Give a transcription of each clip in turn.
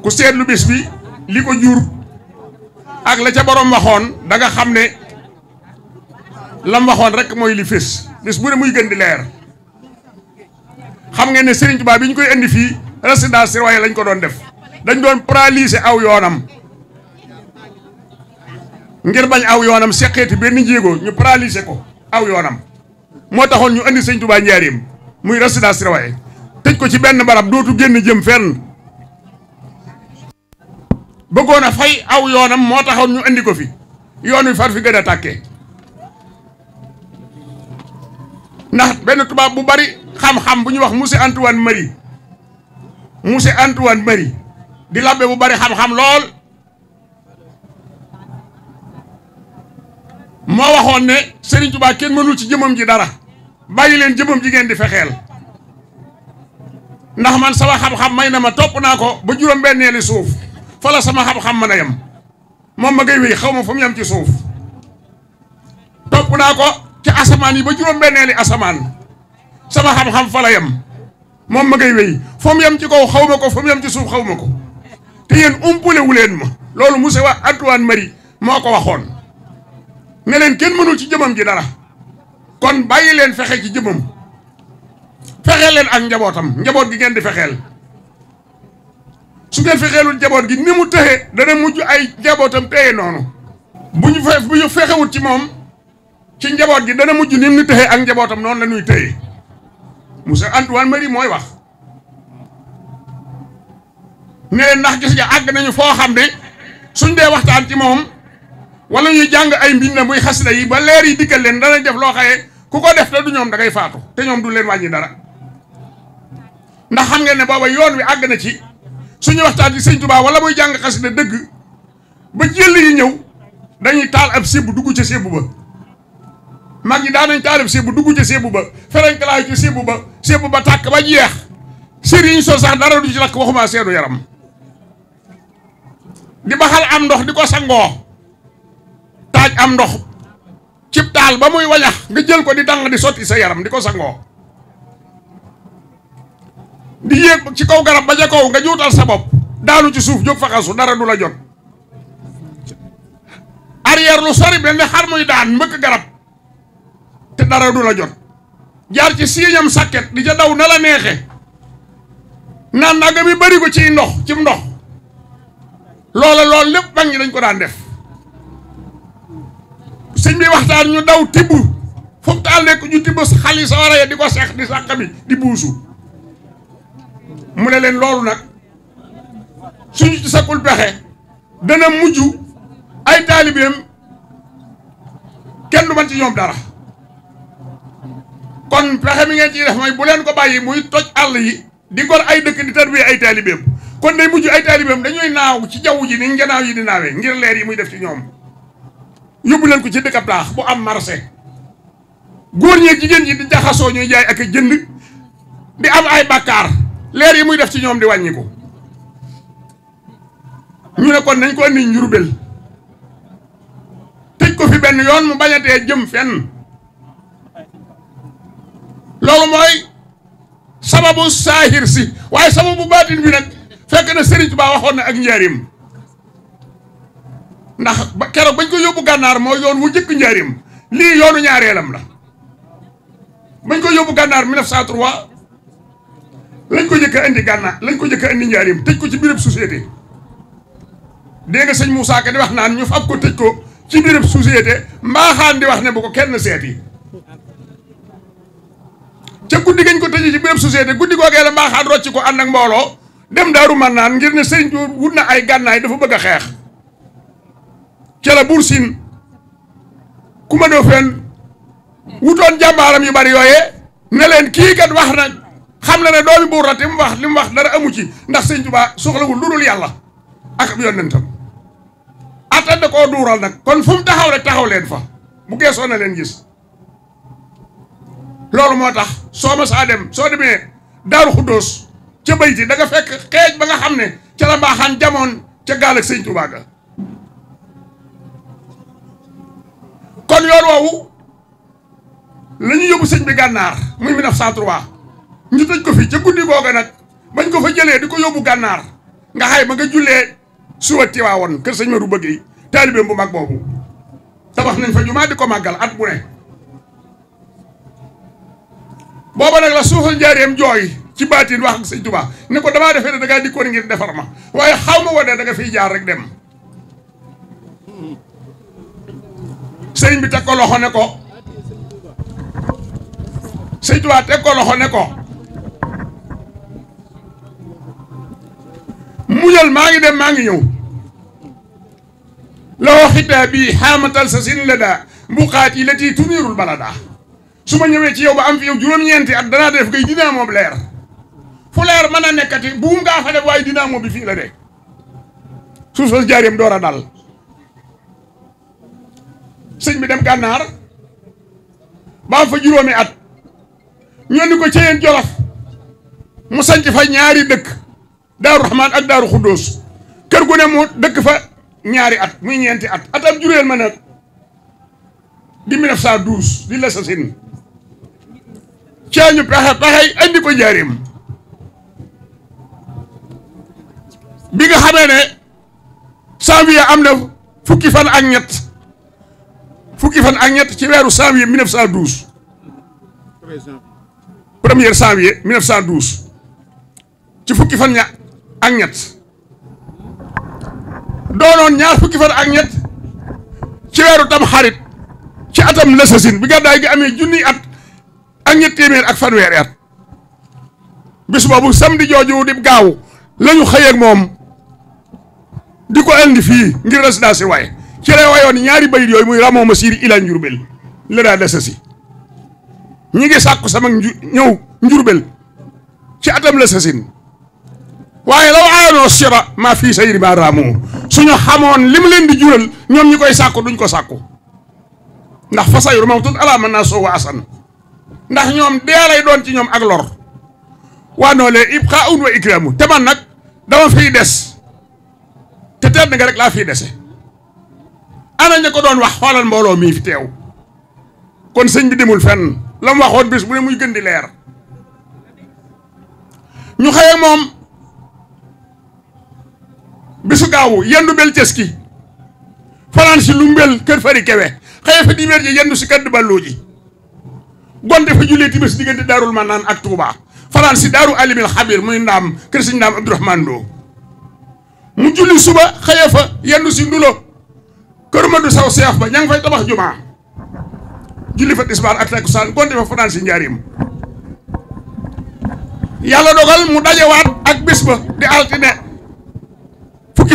ku seetlu bés bi li ko jur ak la ca borom waxoon da nga xam ne lam waxoon rek mooy li fés bés bu muy gën di leer xam ngeen ne Serigne Touba bi ñu koy indi fii résidence surveillée lañ ko doon def dañ doon paralyser aw yoonam ngir bañ aw yoonam seqeeti benn njéego ñu paralyser ko aw yoonam moo taxoon ñu indi Serigne Touba njaareem muy résidence surveillée tëj ko ci benn barab dootu génn jëm fenn. bëggona fay aw yoonam mo taxoon ñu andi ko fi yoon wi far fi gëna takké tàkkee ndax benn tubaab bu bari xam-xam bu ñu wax monsieur Antoine mari monsieur Antoine mari di labbe bu bari xam-xam lool mo waxoon ne Serigne Touba kenn mënul ci jëmam ji dara bàyyi leen jëmam ji ngeen di fexeel ndax man sama xam-xam may na ma topp naa ko suuf fala sama xam-xam mana yam mom ma ngay wéy xawma fam yam ci souf top na ko ci asaman yi ba juroom asaman sama xam-xam fala yam mom ma ngay wéy fam yam ci ko xawma ko fam yam ci souf xawma ko te yeen umpule wulen ma lolou musse wa Antoine mari moko ko ne len ken mënul ci jëmam gi dara kon bayi len fexé ci jëmam fexé len ak njabotam njabot gi ngeen di fexel su ngeen fexeelul njaboot gi ni mu tëxe dana mujj ay njabootam tëye noonu bu ñu fe bu ñu fexewut ci moom ci njaboot gi dana mujj ni mu tëxe ak njabootam noonu la ñuy tëye monsieur Antoine Marie mooy wax ne ndax gis nga àgg nañu foo xam ne suñ dee waxtaan ci moom walla ñuy jàng ay mbiñ na muy xasida yi ba leer yi dikkal leen dana def loo xaye ku ko def te du ñoom da ngay faatu te ñoom du leen wàññi dara ndax xam ngeen ne booba yoon wi àgg na ci suñu waxtaan yi sëñ Tuubaa wala mooy jàng xasida dëgg ba jël yi ñëw dañuy taal ab sébb dugg ca sébb ba mag ñi daan nañ taal ab dugg ca sébb ba ferenkalaayu ca sébb ba sébb ba tàkk ba jeex sér yi ñu sax dara du ci lakk waxuma seedu yaram di baxal am ndox di ko sangoo taaj am ndox cib taal ba muy wañax nga jël ko di dang di sotti sa yaram di ko sangoo di yéeg ci kaw garab ba ca kaw nga juutal sa bop daanu ci suuf jog fa xasu dara du la jot arrière lu sori ben xar muy daan mbeuk garab te dara du la jot jaar ci siñam sàkket di ja daw na la na bari ko ci ndox ci ndox lola lol lepp mag dañ ko daan def señ bi waxtaan ñu daw tibbu fu taal nek ñu tibbu xali sa ya di ko di sankami di buusu mu ne leen loolu nag suñu ci sakkul pexe dana mujj ay taalibeem kenn du man ci ñoom dara kon pexe mi ngeen ciy def mooy bu leen ko bàyyi muy toj àll yi di gor ay dëkk di tarbiye ay taalibeem kon day mujj ay taalibeem dañuy naaw ci jaww ji ni ngenaaw yi di naawee ngir leer yi muy def ci ñoom yóbbu leen ko ci dëkk plaax bu am marché góor ñeeg jigéen ñi di jaxasoo ñuy jaay ak jënd di am ay bàkkaar leer yi muy def ci ñom di wàññiku ñu ne kon nañ ko ni njurbel tej ko fi ben yoon mu bañate jëm fenn lolu moy sababu sahir si way sababu batin bi nak fekk na serigne touba waxon na ak njaarim ndax kéro bañ ko yobbu gànnaar mo yoon wu njëkk njaarim li yoonu ñaarelam la bañ ko yobbu gànnaar 1903 lañ ko njëkk a indi gànna lañ ko njëkk a indi njaarim tëj ko ci biirëb société dégg nga sëñ Moussa Ka wax naan ñu fab ko tëj ko ci biirëb société mbaaxaan di wax ne bu ko kenn seeti ca guddi gañ ko tëj ci biirëb société guddi googee la mbaaxaan rocc ko ànd ak mbooloo dem daaru man naan ngir ne sëñ wut na ay gànnaay dafa bëgg a xeex ca la buur ma doo fenn wutoon jàmbaaram yu bari yooye ne kii kat wax na xam na ne doomi buur la te mu wax li mu wax dara amu ci ndax sëñ Tuubaa soxlawul lu dul yàlla ak ab yonentam attan da koo duural nag kon fu mu taxaw taxaw leen fa bu geesoo na leen gis loolu moo tax soo ma saa dem soo demee daaru xuddoos ca bayti da nga fekk xeej ba nga xam ne ca la mbaaxaan jamoon ca gaal ak sëñ Tuubaa ga kon yoon woowu la ñu yóbbu sëñ bi gànnaar muy 1903 ñu tëj ko fi ca guddi googa nag bañ ko fa jëlee di ko yóbbu gànnaar nga xay ma nga jullee suba tiwaawoon kër sëñ Maodo bëgg yi taalibeem bu mag boobu tabax nañ fa jumaa di ko màggal at bu ne booba nag la suufal njaareem jooy ci baatin wax ak sëñ ne ko damaa defee ne da ngaa ngir defar ma waaye xaw ma wane da nga fiy jaar rek dem sëñ bi teg ko loxo ne ko sëñ Tuubaa ko loxo ne ko muñal maa ngi dem maa ngi ñëw lawo xitaa bii sa sin la daa mbuqaat yi la tii tumiirul bala daa su ma ñëwee ci yow ba am fi yow juróom-ñeenti at danaa def ngay dinaa moom leer fu leer mën a nekkati buum ngaa fa def waaye dinaa moom bi fii la de suuf soosu jaareem door dal sëñ bi dem gànnaar ba am fa juróomi at ñoo ko ci jolof mu sañc fa ñaari dëkk daaru Rahman ak daaru Xuddoos kër gu mu dëkk fa ñaari at muy ñeenti at atam jureel ma nag di 1912 di la sasin caañu pexe pexey andi ko njaarim bi nga xamee ne janvier am na fukki fan ak ñett fukki fan ak ñett ci weeru janvier 1912 premier janvier 1912 ci fukki fan ña ak ñett doonoon ñaar fukki fan ak ñett ci weeru tam xarit ci atam lësësin bi gàddaay gi amee junniy at ak ñett téeméer ak fanweeri at bis boobu samedi jooju di gaaw la ñu moom di ko indi fii ngir résidence waaye ci lay ñaari bayit yooyu muy ramoo ma siiri ila njurbel la daa lësësi ñi ngi sàkku sama ñëw njurbel ci atam lësësin waaye law aanoo siba maa fii sa yirima raamuur suñu xamoon li mu leen di jural ñoom ñu koy sàkku duñ ko sàkku ndax fa sayru mawtun alaa mën naa soowa asan ndax ñoom dee lay doon ci ñoom ak lor waa noo lee ibqaa'un wa ikraamu te man nag dama fiy des te tedd nga rek laa fii dese ana ña ko doon wax xoolal mbooloo mii fi teew kon sëñ bi demul fenn la mu waxoon bis mu ne muy gën di leer ñu xëye moom bisu gaawu yendu bel ceski falan si lumbel keur fari kewe xëye fa mer ji yendu si kedd ballooji gonte fa jullee timis diggante darul manan ak touba falan si daaru alimil khabir muy ndam keur si ndam abdourahman do mu julli suba xëye fa yendu si ndulo ma madu saw cheikh ba ñang fay tabax juma julli fa tisbaar ak takkusaan gonte fa falan si njaarim yalla dogal mu dajewaat ak bisba di altine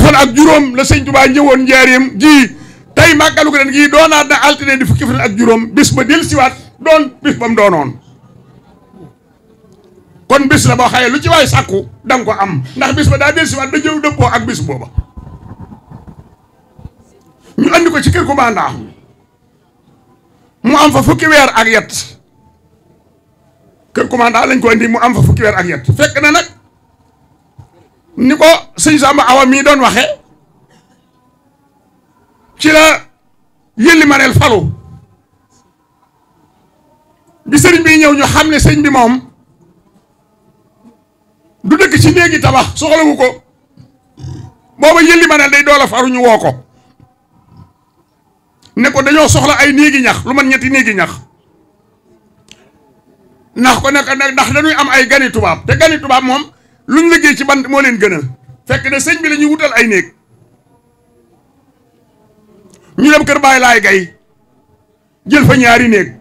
fan ak juróom la sëñ Tuubaa ñëwoon njaareem ji tey màggalu ko juróom bis ba del siwaat doon bis ba mu doonoon kon bis la boo xaye lu ci waay sàkku da ko am ndax bis ba daa del siwaat da jëw dëppoo ak bis booba ñu andi ko ci kër commandant mu am fa fukki weer ak yet kër commandant lañ ko andi mu am fa fukki weer ak yet fekk na nag ni ko sëñ Samba Awa mii doon waxe ci la yëlli maneel falu bi sëriñ bi ñëw ñu xam ne sëñ bi moom du dëkk ci néegi tabax soxlawu ko booba yëlli maneel day doole faru ñu woo ko ne dañoo soxla ay néegi ñax lu man ñetti néegi ñax ndax ko nekk ndax dañuy am ay gani tubaab te gani tubaab moom lu luñ liggéey ci bant moo leen gënal fekk ne sëñ bi la wutal ay néeg ñu dem kër Baay Laay Gay jël fa ñaari néeg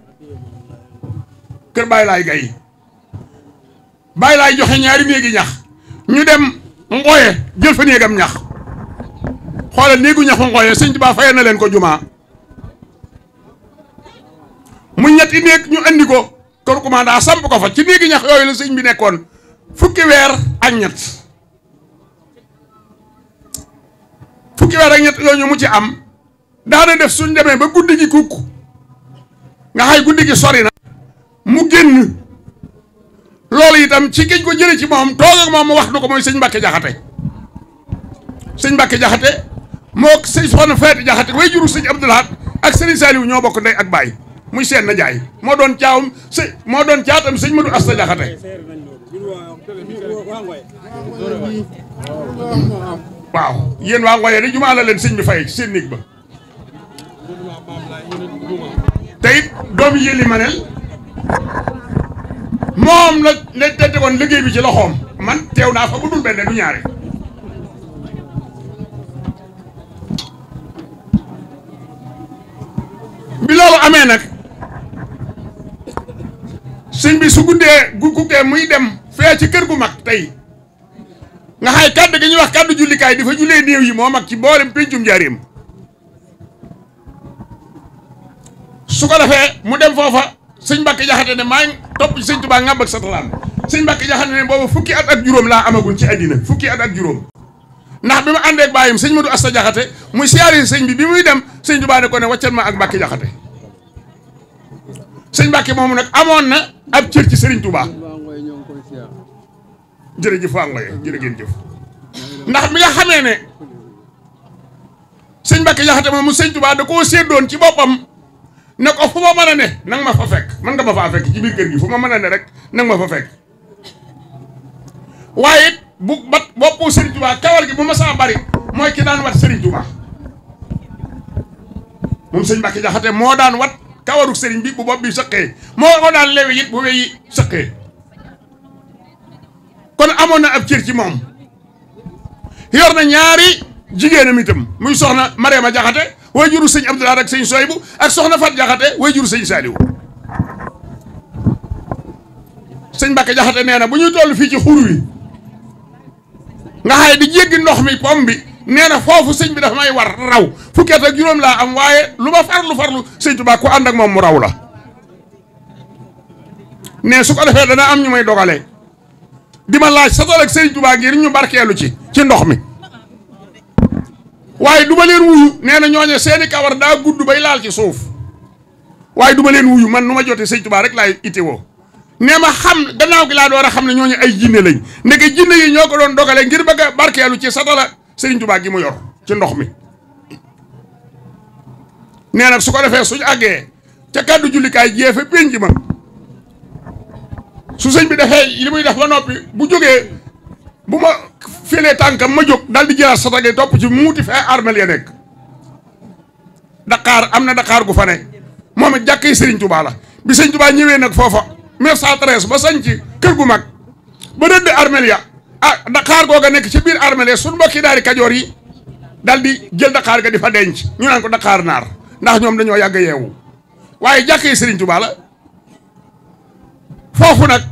kër bay lay Gay Baay Laay joxe ñaari néegi ñax ñu dem ngooye jël fa néegam ñax xoolal néegu ñaxu ngooye sëñ Tuubaa fayal na leen ko jumaa mu ñetti néeg ñu andi ko kër commandant samp ko fa ci néegi ñax yooyu la sëñ bi nekkoon fukki weer ak ñett fukki weer ak ñett yooyu mu ci am daana def suñ demee ba guddi gi kukk nga xay guddi gi sori mu génn loolu itam ci géej ko jële ci moom toog ak moom mu wax nu ko mooy sëñ Mbàkke Jaxate sëñ Mbàkke Jaxate moo sëñ soxna Faati Jaxate way juru sëñ Abdoulahat ak sëriñ Saliou ñoo bokk ndey ak baay muy seen na jaay moo doon caawum sëñ moo doon caatam sëñ Madu Asta Jaxate waaw yéen waa Ngoyeen jumaa la leen sëñ bi fay seen néeg ba te it doomu yëli manel moom nag te tegoon liggéey bi ci loxoom man teew naa fa bu dul benn du ñaari bi loolu amee nag sëñ bi su guddee gu guddee muy dem fee ci kër gu mag tey nga xay kàddu gi ñuy wax kàddu jullikaay dafa jullee néew yi moo mag ci mboolem péncum njaareem su ko defee mu dem foofa sëñ Mbàkke Jaxate ne maa ngi topp ci sëñ Tuubaa ngàbb ak satalaam sëñ Mbàkke Jaxate ne boobu fukki at ak juróom laa amagul ci àddina fukki at ak juróom ndax bi ma àndeek bàyyam sëñ Madu Asta Jaxate muy siyaari sëñ bi bi muy dem sëñ Tuubaa ko ne waccal ma ak Mbàkke Jaxate sëñ Mbàkke moomu nag amoon na ab cër ci sëriñ Tuubaa jërëjëf Angoye jërë ngeen jëf ndax mi nga xamee ne sëñ Mbacke Jaxate moom mu sëñ Tuubaa da koo séddoon ci boppam ne ko fu ma mën a ne nanga ma fa fekk man nga ma faa fekk ci biir kër gi fu ma mën a ne rek nanga ma fa fekk waaye it bu bat boppu sëriñ Tuubaa kawar gi bu ma saa bari mooy ki daan wat sëriñ Tuubaa moom sëñ Mbacke Jaxate moo daan wat kawaru sëriñ bi bu bopp bi sëqee moo ko daan lewi it bu weyi sëqee amoon na ab cër ci moom yor na ñaari jigéenam itam muy soxna Mariama Jaxate way juru sëñ Abdoulaye ak sëñ Soybu ak soxna Fat Jaxate way juru sëñ Saaliwu sëñ Mbàkke Jaxate nee na bu ñuy toll fii ci xur wi nga xaye di jéggi ndox mi pom bi nee na foofu sëñ bi dafa may war raw fukki at ak juróom laa am waaye lu ma farlu farlu sëñ Tuubaa ku ànd moom mu raw la nee su ko am ñu may dogale di ma laaj sa tool ak Serigne Touba ngir ñu barkeelu ci ci ndox mi waaye du ma leen wuyu nee na ñooñe seeni kawar daa gudd bay laal ci suuf waaye du ma leen wuyu man nu ma jotee Serigne Touba rek laay itewoo nee ma xam gannaaw gi laa door a xam ne ñooñu ay jinne lañ ndeke jinne yi ñoo ko doon dogale ngir bëgg a barkeelu ci sa tola Serigne Touba gi mu yor ci ndox mi nee nag su ko defee suñu àggee ca kàddu jullikaay jeefe pénc ma su sëñ bi defee li muy def ba noppi bu jógee bu ma filee tànkam ma jóg daal di jëlaat satagay topp ci muuti fi ay armel ya nekk Dakar am na Dakar gu fa ne moom it jàkkee Serigne Touba la bi Serigne Touba ñëwee nag foofa 1913 ba sañ ci kër gu mag ba dëdd armel ya ah Dakar googa nekk ci biir armel ya suñu mbokki daari kajoor yi daal di jël Dakar ga di fa denc ñu naan ko Dakar naar ndax ñoom dañoo yàgg yeewu waaye jàkkee Serigne Touba la. foofu nag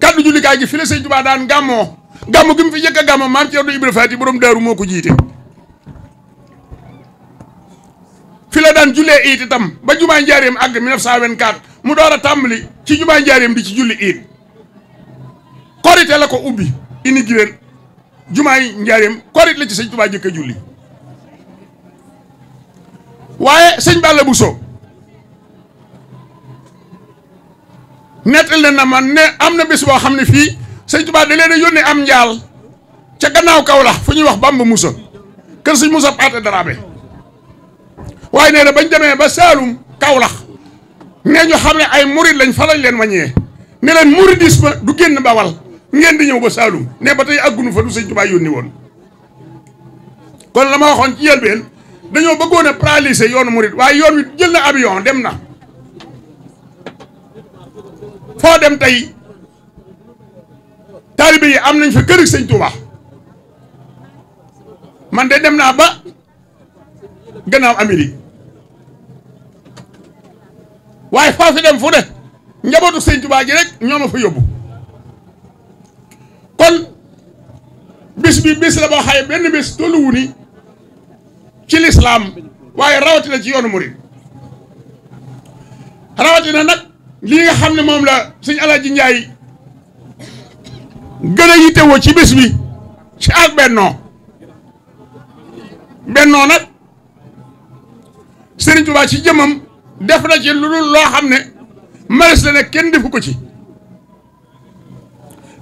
kàddu jullikaay gi fi la sëñ Tuubaa daan gàmmoo gàmmu gi mu fi njëkk a gàmmoo maam Cerno Ibra Faati borom daaru moo ko jiite fi la daan jullee iit itam ba jumaa njaareem àgg 1924 mu door a tàmbali ci jumaa njaareem di ci julli iit korite la ko ubbi inigireen jumaay njaareem korite la ci sëñ Tuubaa jëkk a julli waaye sëñ Balla Bousso nettali na ma ne am na bés boo xam ne fii sëñ Tuubaa da leen a yónnee am njaal ca gannaaw kaw la fu ñuy wax Bamba Moussa kër sëñ Moussa Paate Darabe waaye nee na bañ demee ba Saalum Kawlax nee ñu xam ne ay murid lañ fa lañ leen wàññee ne leen muridisme du génn bawal ngeen di ñëw ba Saalum ne ba tey àggunu fa du sëñ Tuubaa yónni woon kon la ma waxoon ci njëlbeen dañoo bëggoon a paralysé yoonu murid waaye yoon wi jël na avion dem na kon tey taalibe yi am nañ fa kër sëñ Touba man de dem naa ba gannaaw Amérique waaye faa fi dem fu de njabootu sëñ Touba ji rek ñoo ma yóbbu kon bis bi bis la boo xaye benn bis tolluwu ni ci lislaam waaye rawatina ci yoonu murid rawatina nag. lii nga xam ne moom la sëñ Alaaji Njaay gën a yittewoo ci bés bi ci ak bennoo bennoo nag Sëriñ Tuubaa ci jëmmam def ci lu dul loo xam ne maris la ne kenn defu ko ci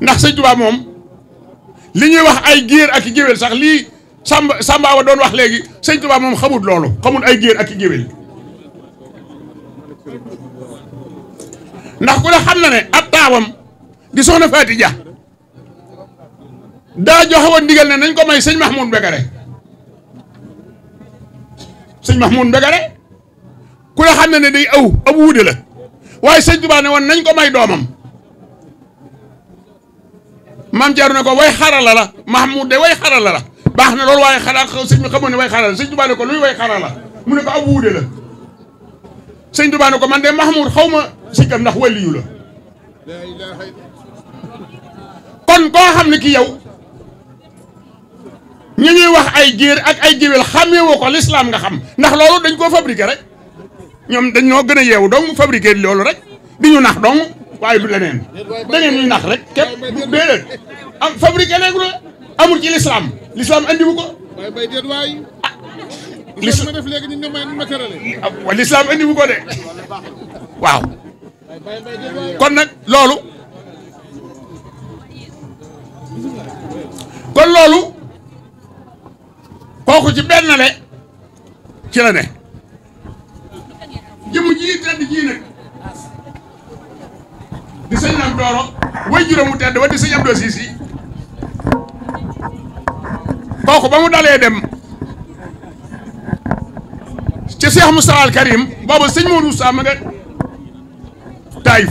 ndax Sëriñ Tuubaa moom li ñuy wax ay géer ak i géwél sax lii Samba Samba wa doon wax léegi Sëriñ Tuubaa moom xamut loolu xamul ay géer ak i géwél ndax ku ne xam na ne ab taawam di soxna Faati Dia daa joxe woon ndigal ne nañ ko may sëñ Mahmoud Mbegere sëñ Mahmoud Mbegere ku ne xam na ne day aw ab wuude la waaye sëñ Tuubaa ne woon nañ ko may doomam maam Jaara ne ko way xarala la Mahmoud de way xarala la baax na loolu waaye xanaa sëñ bi xamoon ne way xarala sëñ Tuubaa ne ko luy way xarala mu ne ko ab wuude la sëñ Tuubaa ne ko man de Mahmoud xaw ma. sikkam ndax waliyu la kon koo xam ne ki yow ñu ñuy wax ay géer ak ay géwél xamewoo ko lislaam nga xam ndax loolu dañ koo fabriqué rek ñoom dañ ñoo gën a yeewu dong fabriqué loolu rek di ñu nax dong waaye du leneen da ngeen nax rek képp déedéet am fabriqué léegi la amul ci lislaam lislaam andiwu ko ah lislaam andiwu ko de waaw kon nag loolu kon loolu kooku ci benn le ci la ne ji tedd ji nag di sëñ Lam Dooro way juróomu tedd wa di sëñ Abdou Sisi kooku ba dalee dem ci Cheikh Moustapha Al Karim boobu sëñ Modou Moussa Taïf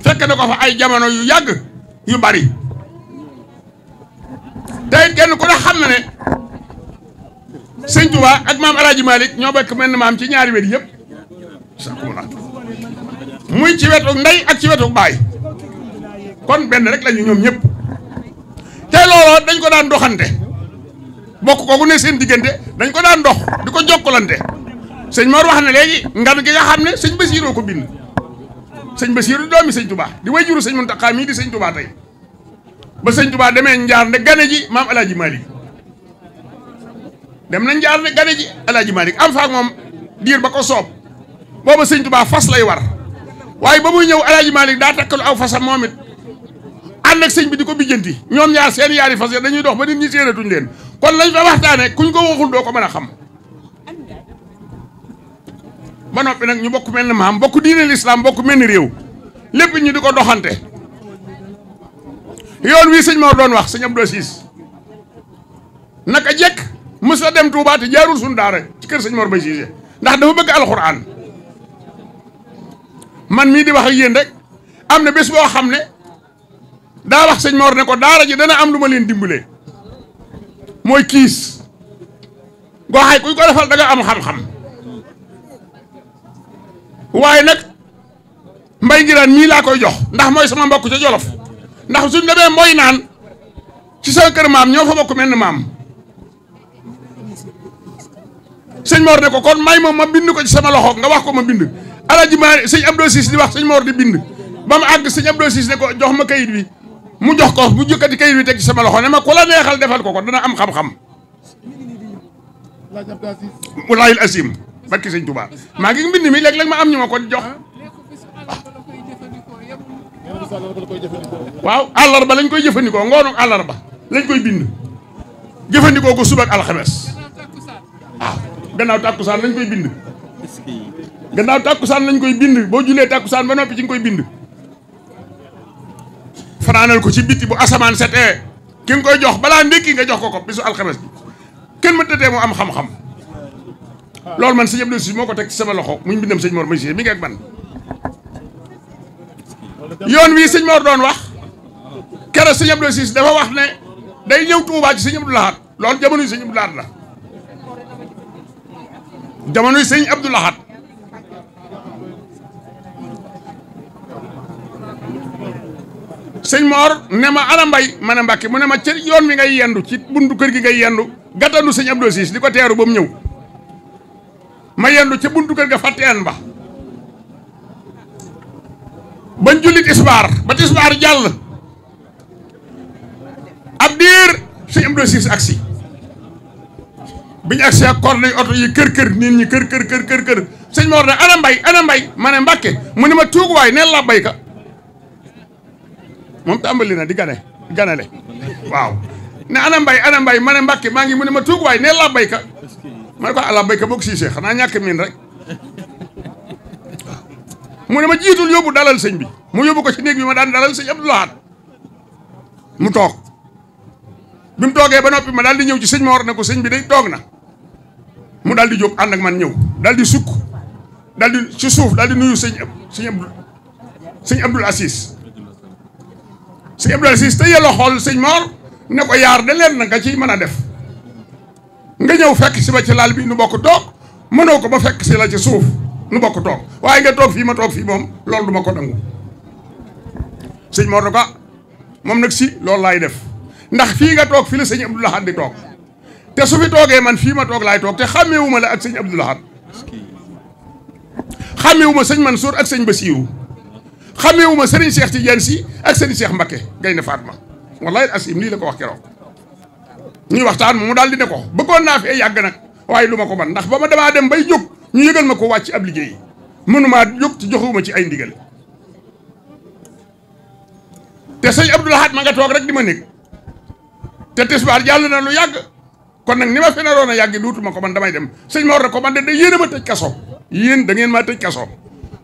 fekk na ko fa ay jamono yu yàgg yu bari tey kenn ku ne xam na ne sëñ Touba ak maam El Hadj ñoo bokk mel ne maam ci ñaari wet yëpp muy ci wetu nday ak ci wetu baay kon benn rek lañu ñoom ñëpp te looloo dañ ko daan doxante bokk kooku ne seen diggante dañ ko daan dox di ko jokkalante sëñ ma wax na léegi ngan gi nga xam ne sëñ Basiiroo ko bind. sëñ Basiiru doomi sëñ Touba di way juru sëñ Muntaxa mii di sëñ Touba tey ba sëñ Touba demee njaar ne gane ji maam El Hadj Malick dem na njaar ne gane ji El Hadj am faak moom diir ba ko soob booba sëñ Touba fas lay war waaye ba muy ñëw El Hadj daa takkalu aw fasam moom it ànd ak sëñ bi di ko bijjanti ñoom ñaar seen yaari fas ya dañuy dox ba nit ñi séeratuñ leen kon lañ fa waxtaane kuñ ko waxul doo ko mën a xam. ba noppi nag ñu bokk mel ni maam bokk diine lislaam bokk mel ni réew lépp ñu di ko doxante yoon wii sëñ Mor doon wax sëñ Abdou Assis naka jekk mës a dem Touba te jaarul suñu daara ci kër sëñ Mor Mbaye Cissé ndax dafa bëgg alxuraan man mii di wax ak yéen rek am na bés boo xam ne daa wax sëñ Mor ne ko daara ji dana am lu ma leen dimbalee mooy kiis goo xay kuy ko defal da nga am xam-xam waaye nag mbay ngiraan mii laa koy jox ndax mooy sama mbokku ca jolof ndax suñ demee mooy naan ci sama kër maam ñoo fa bokk mel ni maam sëñ Mor ne ko kon may moom ma bind ko ci sama loxo nga wax ko ma bind alaji ma sëñ Abdou Ciss di wax sëñ Mor di bind ba mu àgg sëñ Abdou Ciss ne ko jox ma kayit wi mu jox ko mu jëkkati kayit bi te ci sama loxo ne ma ku la neexal defal ko ko dana am xam-xam walaayil asim barki sëñ Touba maa ngi mbind mi Wow, léeg ma am ñu ma ko jox. waaw àllarba lañ koy jëfandikoo ngoonu àllarba lañ koy bind ibin. ko suba ak alxames waaw gannaaw tàkkusaan lañ koy bind gannaaw tàkkusaan lañ koy bind ba ci bind ko ci biti bu asaman setee ki nga koy jox balaa ndékki nga jox ko ko bisu alxames bi kenn mënta am xam-xam Lol man sëñ Abdou Si moo ko teg sama loxo muñ bindam sëñ Mor Mbay mi ngi ak man yoon wi sëñ Mor doon wax keroog sëñ Abdou Si dafa wax ne day ñew touba ci sëñ Abdou Lahad loolu jamono Abdullah. Abdou Lahad la jamono yi Abdou Lahad Mor ne ma ana mbay mana ne Mbàkke mu ne ma ci yoon wi ngay yendu ci buntu kër gi ngay yendu gàttandu sëñ Abdou Si di ko teeru ba ma yendu ca buntu kër ga fàtte ba ban julit isbar ba isbar jall abdir ci am do six aksi biñ aksi ak corne auto yi kër kër nit ñi kër kër kër kër kër señ mo ne ana mbay ana mbay mané ne anambai mu ne ma tuug way neen la ka mom tambali na di gané waw ne ana mbay ana mbay mané mbacké ma ngi mu ne ma tuug way la ka mané ko ala béykat boog siisee xana ñak min rek mu ne ma jitul yobu dalal señ bi mu yobu ko ci neeg bi ma daan dalal señ Abdou Lahad mu tok bi toge ba nopi ma daal di ci señ mo war ne ko bi day tok na mu daal di jóg ak man ñew di ci suuf nuyu señ señ Abdou xol señ ne ko yar de len nga ci def nga ñëw fekk si ma ci laal bi nu bokk toog mënoo ko ba fekk si la ci suuf nu bokk toog waaye nga toog fii ma toog fii moom loolu du ma ko nangu sëñ Mor moom nag si loolu laay def ndax fii nga toog fi la sëñ Abdou Lahad di toog te su fi toogee man fii ma toog laay toog te xàmmeewuma la ak sëñ Abdou Lahad xàmmeewuma sëñ Mansour ak sëñ Bassirou xàmmeewuma sëriñ Cheikh Tidiane si ak sëriñ Cheikh Mbacké Gaynde Fatma wallahi asim lii la ko wax keroog ñuy waxtaan mu daal di ne ko bëggoon naa fee yàgg nag waaye lu ma ko man ndax ba ma damaa dem bay jóg ñu yëgal ma ko wàcc ab liggéey mënumaa jóg ci joxuma ci ay ndigal te sëñ Abdou Lahad ma nga toog rek di ma nekk te tisbaar jàll na lu yàgg kon nag ni ma fi naroon a yàgg duutuma ko man damay dem sëñ ma war ko man de da yéen a ma tëj kaso yéen da ngeen maa tëj kaso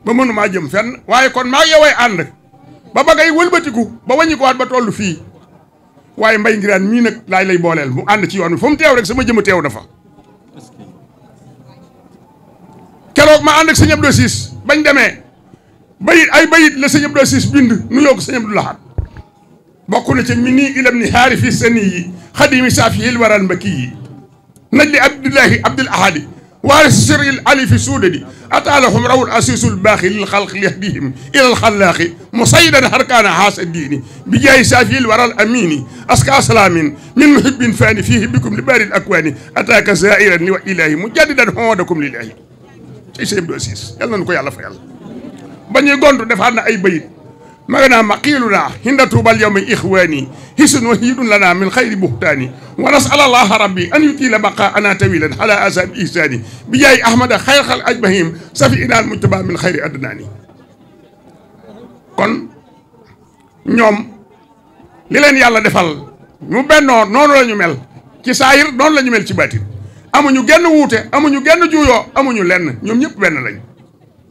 ba mënumaa jëm fenn waaye kon maa yowee ànd ba ba ngay wëlbatiku ba wàññi ko waat ba tollu fii waye mbay ngiran mi nak lay lay bolel mu and ci yoon wi fa mu rek sama jëm tew dafa kérok ma and ak seigne Abdou Ciss bañ démé bayit ay bayit le seigne Abdou Ciss bind nu yok seigne Abdou Lahad bokku na ci mi ilam ni harifi sani khadim safi al waral mbakki yi abdullahi abdul ahadi والسر الالف سوددي اتى لهم رو الاسيس الباخي للخلق ليهديهم الى الخلاق مصيدا هركان حاس الدين بجاي سافيل الورى الامين اسكى سلام من محب فاني فيه بكم لبار الاكوان اتاك زائرا والهي مجددا هودكم لله سي سيبدو اسيس يلا نكو يلا فيال بني غوندو دفعنا اي بيت magana maqiluna hinda tuubal yawmi ixwaani hisun wahidun lana min xayri buhtaani wa nasal allaha rabbi an yutila baqa ana tawilan ala asab ihsaani bi jaay ahmada xayr xal ajmahim safi inaal mujtaba min xayri adnaani kon ñoom li yàlla defal ñu bennoo noonu la ñu mel ci saayir noonu lañu mel ci baatin amuñu genn wuute amuñu genn juuyoo amuñu lenn ñoom ñëpp benn lañ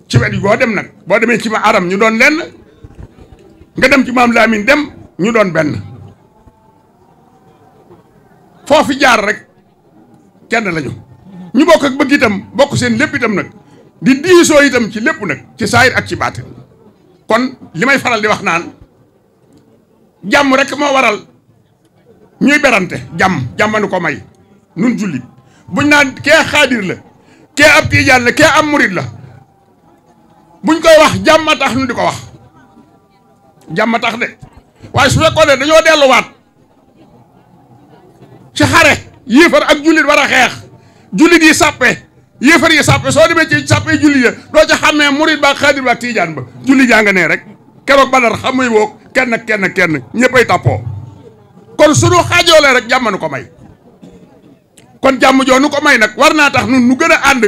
ci wet yi boo dem nag boo demee ci ma aram ñu doon lenn nga dem ci mam Lamine dem ñu doon ben fofu jaar rek kenn lañu ñu bok ak bëgg itam bok seen lepp itam nak di diiso itam ci lepp nak ci sahir ak ci kon limay faral di wax naan jam rek mo waral ñuy berante jam jàmmanu ko may nun julit buñ naan ke khadir la ke abdi jall ke am murit la buñ koy wax jàmm tax nu diko wax jàmm tax de way su fekkoon ne delu wat ci xare yefar ak julit wara xex julit yi sàppe yefar yi sàppe so demee ci sàppe julit ya do ci xamé mourid ba khadir ba tidiane ba julit yaa nga nee rek kérok badar xamuy wok kenn kenn kenn ñeppay tapo kon suñu xajolé rek jamanu ko may kon jamu jono ko may nak warna tax nu gëna and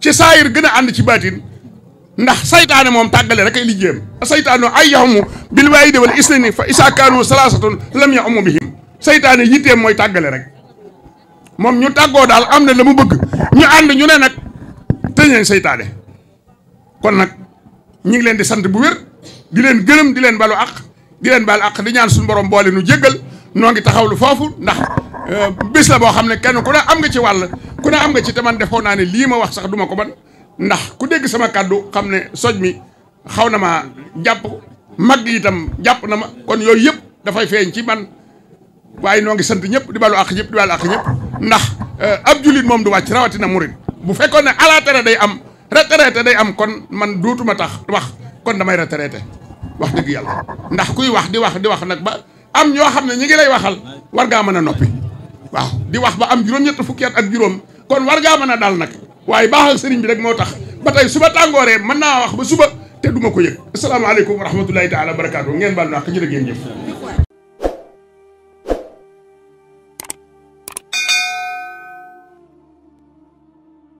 ci gëna and ci batine ndax seytaane moom tàggale rek ay liggéeyam saytaane ay yaxumu bil waayidi wal isnayni fa isaa kaanu salaasatun lam yaxumu bihim saytaane yitteem mooy tàggale rek moom ñu tàggoo daal am na la mu bëgg ñu ànd ñu ne nag tëj nañ kon nag ñu ngi leen di sant bu wér di leen gërëm di leen balu àq di leen balu àq di ñaan suñu borom boole nu jéggal noo ngi taxaw taxawlu foofu ndax euh, bés la boo xam ne kenn ku ne am nga ci wàll ku ne am nga ci te man defoon naa ne lii ma wax sax duma ko man ndax ku dégg sama kàddu xam ne soj mi xaw na ma jàpp mag itam jàpp na ma kon yooyu yëpp dafay feeñ ci man waaye noo ngi sant ñëpp di balu àq ñëpp di balu àq ndax eh, ab jullit moom du wàcc rawatina murit bu fekkoon ne alaatara day am retraité day am kon man duutuma tax wax kon damay retraité wax dëgg yàlla ndax kuy wax di wax di wax nag ba am ñoo xam ne ñi ngi lay waxal war ngaa mën a noppi waaw di wax ba am juróom-ñett fukki at ak juróom kon war ngaa mën a dal nag waaye baaxal sëriñ bi rek moo tax ba tey suba tàngooree mën naa wax ba suba te duma ko yëg asalaamaaleykum wa rahmatullahi taala wa barakaatu ngeen baal naa ak jërë ngeen jëf